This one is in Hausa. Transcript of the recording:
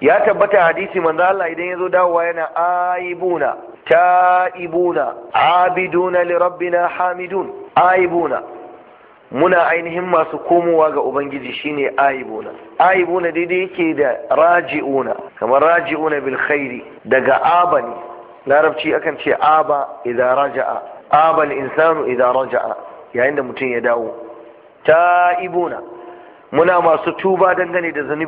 ya tabbata hadisi manzo Allah idan yazo dawowa yana aibuna ta'ibuna abiduna li rabbina hamidun aibuna muna ainihin masu komowa ga ubangiji shine aibuna aibuna daidai yake da raji'una kamar raji'una bil khairi daga abani larabci akan ce aba idan raja'a abal insanu idan raja'a yayin da mutum ya dawo ta'ibuna muna masu tuba dangane da zunubi